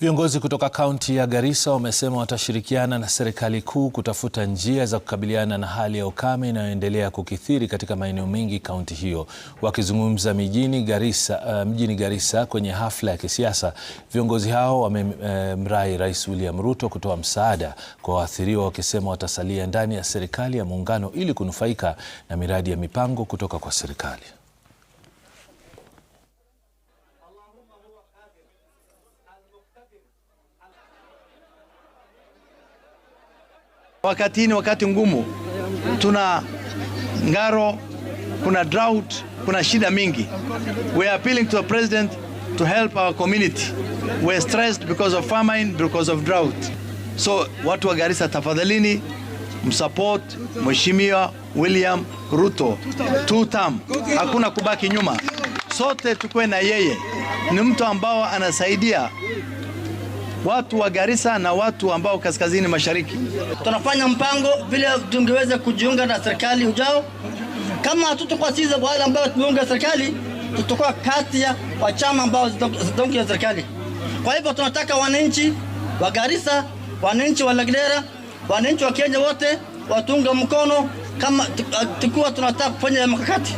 Viongozi kutoka kaunti ya Garissa wamesema watashirikiana na serikali kuu kutafuta njia za kukabiliana na hali ya ukame inayoendelea kukithiri katika maeneo mengi kaunti hiyo. Wakizungumza mjini Garissa, uh, mjini Garissa kwenye hafla ya kisiasa, viongozi hao wamemrai uh, Rais William Ruto kutoa msaada kwa waathiriwa, wakisema watasalia ndani ya serikali ya muungano ili kunufaika na miradi ya mipango kutoka kwa serikali. Wakati ni wakati ngumu, tuna ngaro, kuna drought, kuna shida mingi. We are appealing to the president to help our community. We are stressed because of famine, because of drought. So watu wa Garissa, tafadhalini msupport Mheshimiwa William Ruto two term, hakuna kubaki nyuma, sote tukuwe na yeye. Ni mtu ambao anasaidia watu wa Garissa na watu ambao kaskazini mashariki. Tunafanya mpango vile tungeweza kujiunga na serikali ujao. Kama hatutakuwa sisi wale ambao tumeunga serikali, tutakuwa kati ya wachama ambao zitaunga serikali. Kwa hivyo tunataka wananchi wa Garissa, wananchi wa Lagdera, wananchi wa Kenya wote watunga mkono, kama tukuwa tunataka kufanya mkakati